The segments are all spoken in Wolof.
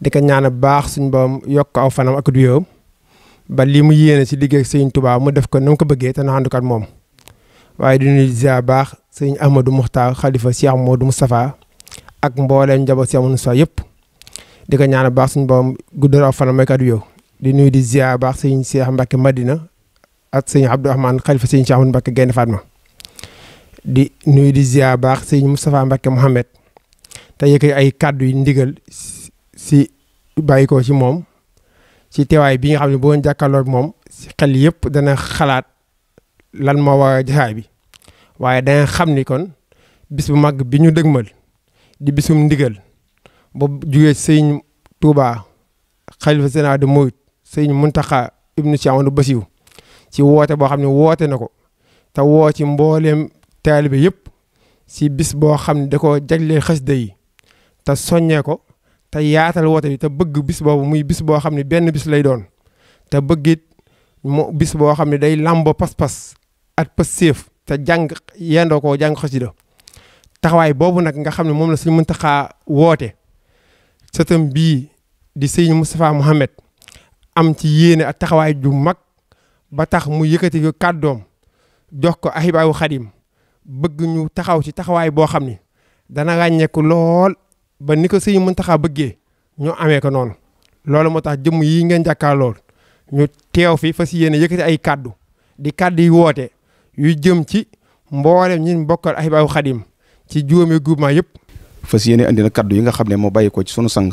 di ko ñaan baax suñ boom yokk aw fanam ak du ba lii mu yéene si liggéey sëñ Tuubaa mu def ko na ko bëggee te na ànd moom waaye di nuyu baax sëñ Amadou Muxtaar xalifa Cheikh Modou Moustapha ak mbooleem njaboot Cheikh yëpp di ko ñaan baax suñ boom guddal aw fanam di nuyu di baax sëñ Cheikh Mbacke Madina ak sëñ Abdou Rahman xalifa sëñ Cheikh Ahmadou Mbacke Gaynde Fatma di nuyu di ziar baax sëñ Moustapha Mbacke Mohamed te yëkkati ay kàddu yu ndigal. si bàyyi ko ci moom ci teewaay bi nga xam ne boo jàkkaarloog moom si xel yëpp dana xalaat lan moo waa jaxaay bi waaye danga xam ni kon bis bu mag bi ñu dëgmal di bisum ndigal ba jugee sëñ Touba xalifa sénat de Mouride sëñ Muntaxa ibnu Cheikh Amadou Bassirou ci woote boo xam ne woote na ko te woo ci mbooleem taalibe yëpp si bis boo xam ne da ko jagleel xasida yi te soññee ko te yaatal woote bi te bëgg bis boobu muy bis boo xam ne benn bis lay doon te bëggit mu bis boo xam ne day làmb pas-pas at pas séef te jàng yendoo ko jàng xasida taxawaay boobu nag nga xam ne moom la suñu Muntaxaa woote sëtam bii di sëñ Moustapha Mohamed am ci yéene ak taxawaay ju mag ba tax mu yëkkati ko kàddoom jox ko ahibaayu xadim bëgg ñu taxaw ci taxawaay boo xam ni dana ràññeeku lool ba ni ko sëñ Muntaxa bëggee ñu amee ko noonu loolu moo tax jëmm yi ngeen jàkkaarloo ñu teew fi fas yéene yëkkati ay kàddu di kàddu yu woote yu jëm ci mboolem ñi bokkal Ahibahil Khadim ci juróomi groupement yëpp. fas yéene indi na kàddu yi nga xam ne moo bàyyi ko ci sunu sang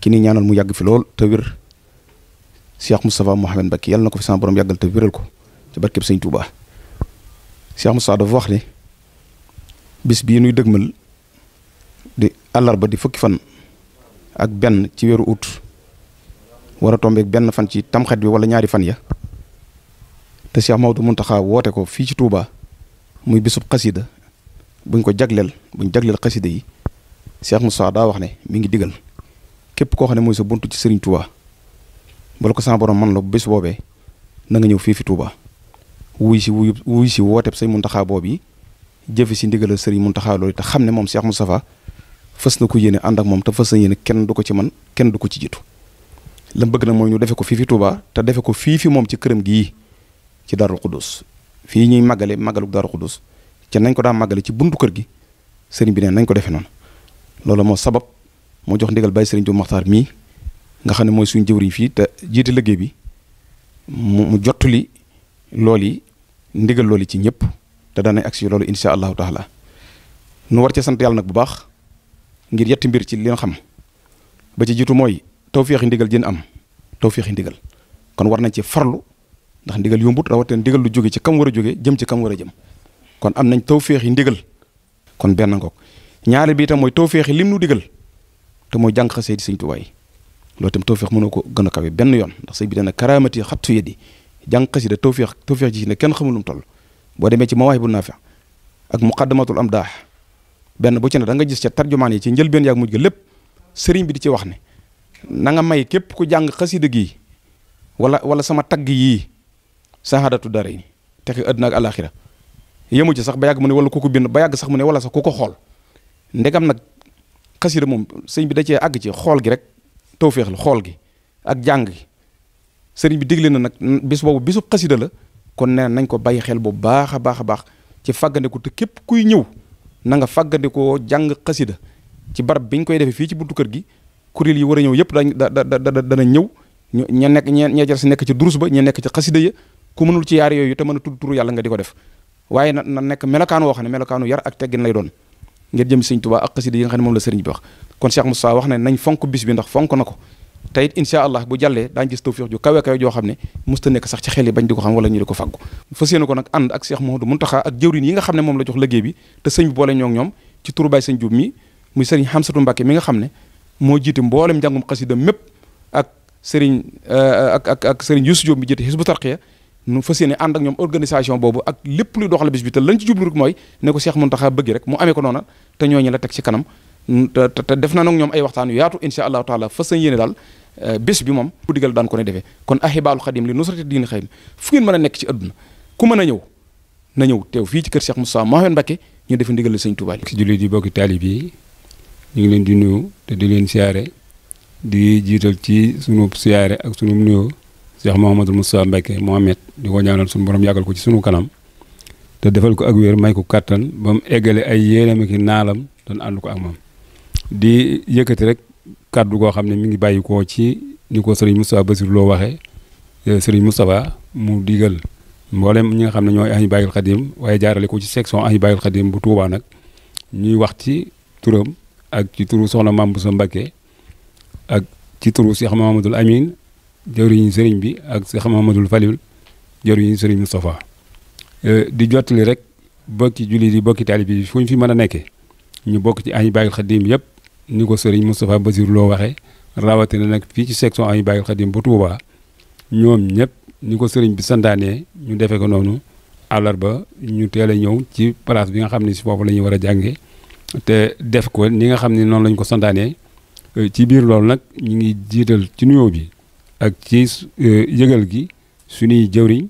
ki ni ñaanal mu yàgg fi lool te mu Cheikh Moustapha Mouhamed Mbacké yàlla na ko fi sama borom yàggal te wéral ko ci barkeb sëñ Touba Cheikh Moustapha dafa wax ne bis bii di àllarba di fukki fan ak benn ci weeru ut war a tombeek benn fan ci tamxet bi wala ñaari fan ya te Cheikh Maodo Muntaxa woote ko fii ci Touba muy bisub xasida buñ ko jagleel buñ jagleel xasida yi Cheikh Moussa daa wax ne mi ngi digal képp koo xam ne mooy sa buntu ci Serigne Touba bala ko sama borom man la bu bés boobee na nga ñëw fii fi Touba wuy si wuyu wuy si woote wooteb sëñ Muntaxa boobu yi jëfe si ndigala sëriñ Serigne Muntaxa loolu te xam ne moom Cheikh Moustapha fas na ko yéene ànd ak moom te fas na yéene kenn du ko ci man kenn du ko ci jitu lam bëgg nag mooy ñu defe ko fii fi Touba te defe ko fii fi moom ci këram gii ci Darou Khoudoss fii ñuy màggale màggalu Darou Khoudoss ci nañ ko daa màggale ci buntu kër gi sëriñ bi ne nañ ko defe noonu loolu moo sabab moo jox ndigal bàyyi sëriñ Diop Maxtaar mii nga xam ne mooy suñu jëwriñ fii te jiite liggéey bi mu mu jottali lool yi ndigal lool yi ci ñëpp te daanay si loolu incha allahu taala nu war ci sant yàlla nag bu baax ngir yetti mbir ci li xam ba ci jiitu mooy tawféexi ndigal jën am tawféexi ndigal kon war nañ ci farlu ndax ndigal yombut rawatina ndigal lu jóge ci kam war a jóge jëm ci kam war a jëm kon am nañ tawféexi ndigal kon benn ngoog ñaar bi tam mooy tawféexi lim nu digal te mooy jàng xasee di sëñ tuwaay loolu itam tawféex mënoo ko gën a kawe benn yoon ndax sëñ bi dana karaamati yi yeddi jàng xasi da tawféex tawféex ji ne kenn xamul lu mu toll boo demee ci mawaahibun naafi ak muqaddamatul amdaax benn bu ci ne da nga gis ca tarjumaan yi ci njëlbeen yaag mujj ga lépp sëriñ bi di ci wax ne na nga may képp ku jàng xasida gi wala wala sama tagg yii sahaadatu dara ni texe àdduna ak alaxira yemu ci sax ba yàgg mu ne wala ku ko bind ba yàgg sax mu ne wala sax ku ko xool ndegam nag xasida moom sëriñ bi da cee àgg ci xool gi rek tawféex la xool gi ak jàng gi sëriñ bi digle na nag bis boobu bisub xasida la kon nee nañ ko bàyyi xel bu baax a baax a baax ci fàggandiku képp kuy ñëw na nga fàggandikoo jàng xasida ci barab bi ñu koy defee fii ci buntu kër gi kuréel yi war a ñëw yëpp da da dana ñëw ñu ña nekk ña ña jar si nekk ci durus ba ña nekk ci xasida ya ku mënul ci yaar yooyu te mën a tudd turu yàlla nga di ko def waaye na na nekk melokaan woo xam ne melokaanu yar ak teggin lay doon ngir jëm sëñ Tuubaa ak xasida yi nga xam ne moom la sëriñ bi wax kon Cheikh Moussa wax na nañ fonk bis bi ndax fonk na ko te it incha allah bu jàllee daañu gis tawfiix ju kawe kawe joo xam ne musta nekk sax ci xel yi bañ di ko xam wala ñu di ko faggu fas ko nag ànd ak Cheikh ak jëwriñ yi nga xam ne moom la jox liggéey bi te sëñ bi boole ñoo ñoom ci turu Baye sëñ Diop mi muy sëriñ Hamsatu Mbàkke mi nga xam ne moo jiite mboolem njàngum xasida mépp ak sëriñ euh, ak ak ak sëriñ Youssou Diop mi jiite Hizbu Tarqiya nu fas yéene ànd ak ñoom organisation boobu ak lépp luy doxal bis bi te lañ ci jublu rek mooy ne ko Cheikh Mountakha bëgg rek mu amee ko noona te ñooñu la teg ci kanam te te def na nag ñoom ay waxtaan yu yaatu incha allahu taala fa sañ yéene daal euh, bés bi moom ku digal daan ko ne defee kon ahibaalu xadim li nusrati diin xayim fu ngeen mën a nekk ci àdduna ku mën a ñëw na ñëw teew fii ci kër Cheikh Moussa Mahi Mbacké ñu def ndigal la sëñ Touba li. si jullit yi bokki taalib yi ñu ngi leen di nuyu te di leen siyaare di jiital ci sunu siyaare ak sunu nuyoo Cheikh Mouhamadou Moussa Mbacké Mohamed di ko ñaanal sunu borom yagal ko ci sunu kanam te defal ko ak wér may ko kattan ba mu eggale ay yéenam ak naalam doon ànd ko ak moom di yëkkati rek kàddu goo xam ne mi ngi bàyyi ko ci ni ko sëriñ Moustapha Bassirou loo waxee eh, sëriñ Moustapha mu digal mboolem ñi nga xam ne ñooy Ahibahil Khadim waaye jaarale ko ci section Ahibahil Khadim bu Touba nag ñuy wax ci turam ak ci turu soxna Mame Bousso Mbacké ak ci turu Cheikh Mahamadul Amin jëwriñu sëriñ bi ak Cheikh Mahamadul Falil jëwriñu sëriñ Moustapha eh, di jottali rek bokki jullit yi bokki taalibe yi si ñu fi mën a nekkee ñu bokk ci añu Ahibahil Khadim yëpp ni ko sëriñ Moustapha Basir loo waxee rawatina nag fii ci section Ahibaahil bàyyil Xadim bu Touba ñoom ñëpp ni ko sëriñ bi santaanee ñu defee ko noonu àllarba ñu teel a ñëw ci place bi nga xam ne si foofu la ñuy war a jàngee te def ko ni nga xam ne noonu lañ ko santaanee euh, ci biir loolu nag ñu ngi jiital ci nuyoo bi ak ci euh, yëgal gi suñuy jëwriñ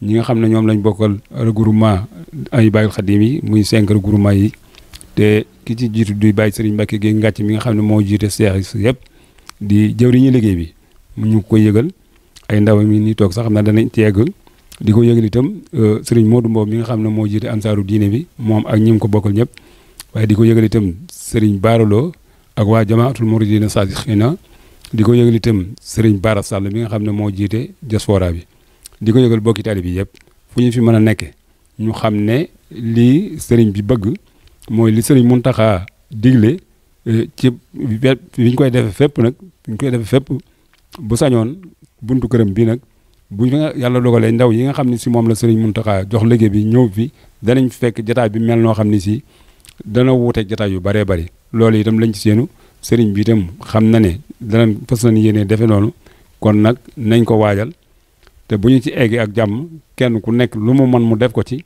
ñi nga xam ne ñoom lañ bokkal añu Ahibaahil Xadim yi muy cinq regroupement yi. te ki ci jiitu duy bàyyi Serigne Mbacke Gueye ngàcc mi nga xam ne moo jiite seex yëpp di jëwriñu liggéey bi mu ñu ko yëgal ay ndaw mi ni toog sax xam naa danañ ci yeggul di ko yëgal itam euh, Serigne Modou Mbow mi nga xam ne moo jiite ansaaru diine bi moom ak ñi mu ko bokkal ñëpp waaye di ko yëgal itam Serigne Baraloo ak waa jamaatul muridina saadixina di ko yëgal itam Serigne Bara Sall mi nga xam ne moo jiite diaspora bi di ko yëgal bokki taalibe bi yëpp fu ñu fi mën a nekke ñu xam ne lii sëriñ bi bëgg mooy li sëriñ Muntaxa digle eh, ci bi ñu koy defee fépp nag bi ñu koy defee fépp bu sañoon buntu këram bii nag bu nga yàlla dogalee ndaw yi nga xam ne si moom la sëriñ Muntaxa jox liggéey bi ñëw fi danañ fekk jataay bi mel noo xam ne si dana wuuteeg jataay yu baree bari loolu itam lañ ci seenu sëriñ bi itam xam na ne danañ fas nañ yéene defe noonu kon nag nañ ko waajal te bu ñu ci eggee ak jàmm kenn ku nekk lu mu mën mu def ko ci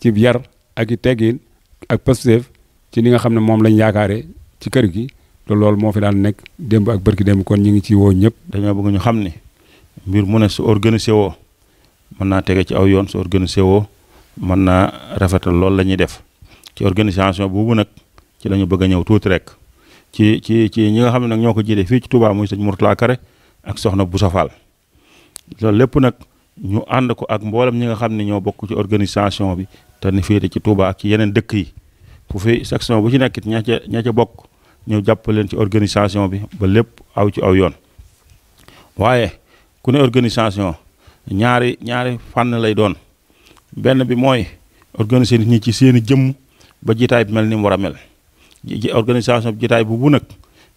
ci yar ak i teggin ak Pastef ci li nga xam ne moom lañ yaakaare ci kër gi te loolu moo fi daan nekk démb ak bërki démb kon ñu ngi ci woo ñëpp. dañoo bëgg ñu xam ne mbir mu ne su organisé woo mën naa tege ci aw yoon su organisé woo mën naa rafetal loolu la ñuy def ci organisation boobu nag ci la bëgg a ñëw tuuti rek ci ci ci ñi nga xam ne nag ñoo ko jiite fii ci Touba muy sëñ Mourtala Kare ak soxna bu Fall loolu lépp nag ñu ànd ko ak mboolem ñi nga xam ne ñoo bokk ci organisation bi daan féete ci Touba ci yeneen dëkk yi fu fi section bu ci nekkit ña ca ña ca bokk ñëw jàpp leen ci organisation bi ba lépp aw ci aw yoon waaye ku ne organisation ñaari ñaari fànn lay doon benn bi mooy organiser nit ñi ci seeni jëmm ba jitaay bi mel ni mu war a mel organisation bi jitaay bu bu nag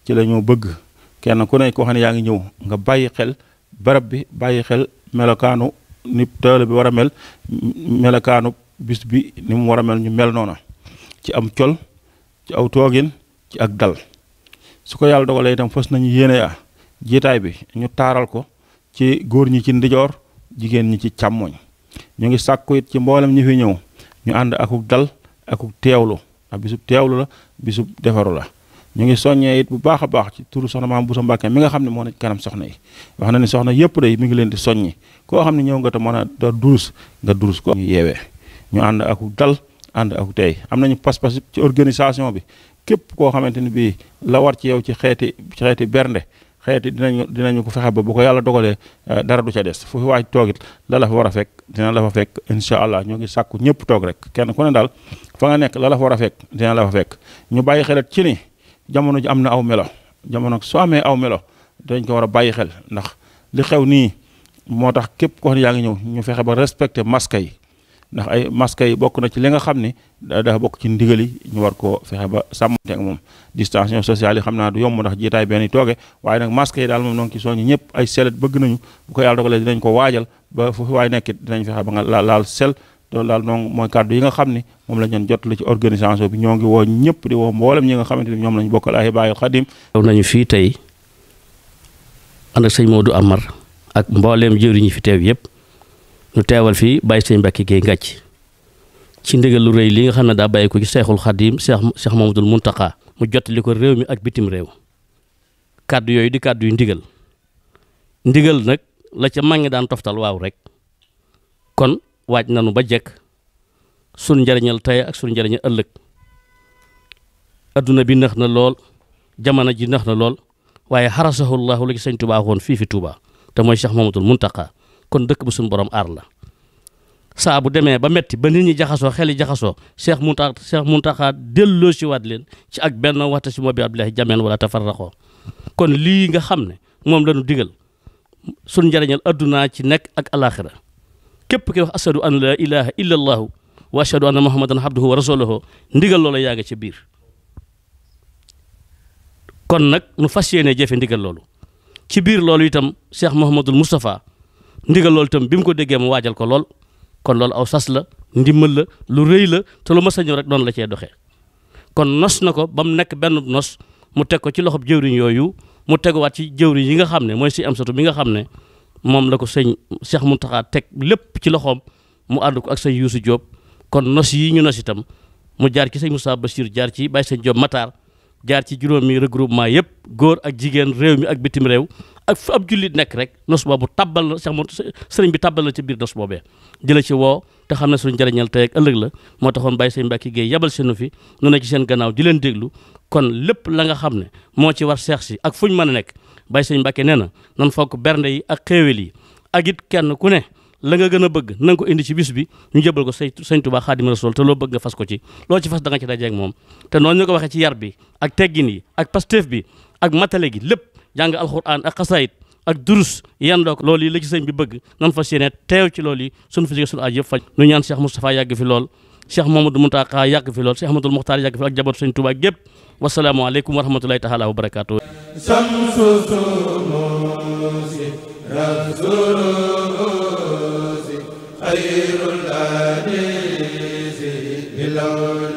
ci la bëgg kenn ku ne koo xam ne yaa ngi ñëw nga bàyyi xel barab bi bàyyi xel melokaanu ni taal bi war a mel melokaanu bis bi ni mu war a mel ñu mel noona ci am col ci aw toogin ci ak dal su ko yàlla dogalee itam fës nañu yéene yaa jiitaay bi ñu taaral ko ci góor ñi ci ndijoor jigéen ñi ci càmmooñ ñu ngi sàkku it ci mboolem ñi fi ñëw ñu ànd akuk dal akuk teewlu ak bisub teewlu la bisub defaru la ñu ngi soññee it bu baax a baax ci turu soxna maam Bousso Mbacke mi nga xam ne moo nekk kanam soxna yi wax na ni soxna yëpp day mi ngi leen di soññi koo xam ne ñëw nga te mën a da durus nga durus ko ñu ñu ànd ak dal ànd ak tey am nañu pas-pas ci organisation bi képp koo xamante ni bii la war ci yow ci xeeti ci bernde xeeti dinañu dinañu ko fexe ba bu ko yàlla dogalee eh, dara du ca des fu fi waaj toogit la la fa war a fekk dina la fa fekk incha allah ñoo ngi sàkku ñëpp toog rek kenn ku ne daal fa nga nekk la la fa fekk dina la fa fekk ñu bàyyi xelat ci ni jamono ji am na aw melo jamono soo amee aw melo dañ ko war a bàyyi xel ndax li xew nii moo tax képp koo xam yaa ngi ñëw ñu fexe ba respecté masque yi ndax ay masque yi bokk na ci li nga xam ni da dafa bokk ci ndigal yi ñu war koo fexe ba sàmmante ak moom distanciation sociale yi xam naa du yomb ndax jiitaay benn tooge waaye nag masque yi daal moom noonu ci soññi ñëpp ay selet bëgg nañu bu ko yàlla dogalee dinañ ko waajal ba fu waaye laal sel loolu daal noonu mooy kàddu yi nga xam ni moom la ñoon jot la ci organisation bi ñoo ngi woo ñëpp di woo mboolem ñi nga xamante ni ñoom lañu bokkal Ahibahil Khadim daw nañu fii tey ànd ak sëñ Modou Amar ak mbooleem jëwriñ ñi fi teew yëpp ñu teewal fii bàyyi sëñ mbakki Géey ngàcc ci ndigal lu rëy li nga xam ne daa bàyyi ko ci seexul xadim seex seex Mamadul Muntaqa mu jot ko réew mi ak bitim réew kàddu yooyu di kàddu yu ndigal ndigal nag la ca mag ñi daan toftal waaw rek kon waaj nanu ba jekk sun njariñal tey ak sun njariñal ëllëg adduna bi nax na lool jamono ji nax na lool waaye xarasahu llaahu la ci sëñ Tuubaa fii fi Tuubaa te mooy Cheikh Mamadul Muntaqa kon dëkk bu suñu borom aar la saa bu demee ba metti ba nit ñi jaxasoo xel yi jaxasoo Cheikh Muntaxa Cheikh Muntaxa delloo si waat leen ci ak benn waxta si moo bi Abdoulahi jameen kon lii nga xam ne moom la ñu digal suñ njëriñal addunaa ci nekk ak alaxira képp ki wax ashadu an la ilaha illa wa ashadu anna muhammadan abduhu wa rasuluhu ndigal loola yaa nga ca biir kon nag nu fas yéene jëfe ndigal loolu ci biir loolu itam Cheikh Mouhamadul Moustapha ndigal loolu itam bi mu ko déggee mu waajal ko lool kon loolu aw sas la ndimbal la lu rëy la te lu mas a rek noonu la cee doxee kon nos na ko ba mu nekk benn nos mu teg ko ci loxob jëwriñ yooyu mu teguwaat ci jëwriñ yi nga xam ne mooy si am satu bi nga xam ne moom la ko sëñ mu taxaat teg lépp ci loxoom mu ànd ko ak sëñ Youssou Diop kon nos yi ñu nos itam mu jaar ci sëñ Moussa Bachir jaar ci bàyyi sëñ Diop Matar jaar ci juróomi regroupement yëpp góor ak jigéen réew mi ak bitim réew ak fu ab jullit nekk rek nos boobu tabbal na sax moom sëriñ bi tabbal na ci biir nos boobee jëla ci woo te xam ne suñu njëriñal tey ak ëllëg la moo taxoon bàyyi sëñ Mbàkke Géey yabal seenu fi nu ne ci seen gannaaw di déglu kon lépp la nga xam ne moo ci war seex si ak fuñ mën a nekk bàyyi sëñ Mbàkke nee na nan fokk bernde yi ak xéewal yi ak it kenn ku ne la nga gën a bëgg na nga ko indi ci bis bi ñu jëbal ko say sëñ Tuubaa Xaadimu Rasuul te loo bëgg nga fas ko ci loo ci fas da nga ci dajeeg moom te noonu ñu ko waxee ci yar bi ak teggin yi ak pasteef bi ak matale gi lépp jàng alxuraan ak xasaayit ak durus yan doog loolu yi la ci sëñ bi bëgg nan fas yéene teew ci loolu yi suñu fa jóge suñu aaj yëpp faj nu ñaan Cheikh Moustapha yàgg fi lool Cheikh Mamadou Mountakha yàgg fi lool Cheikh Ahmadoul Mokhtar yàgg fi ak jaboot sëñ Tuubaa gépp wasalaamu xayrul ajizi bilaw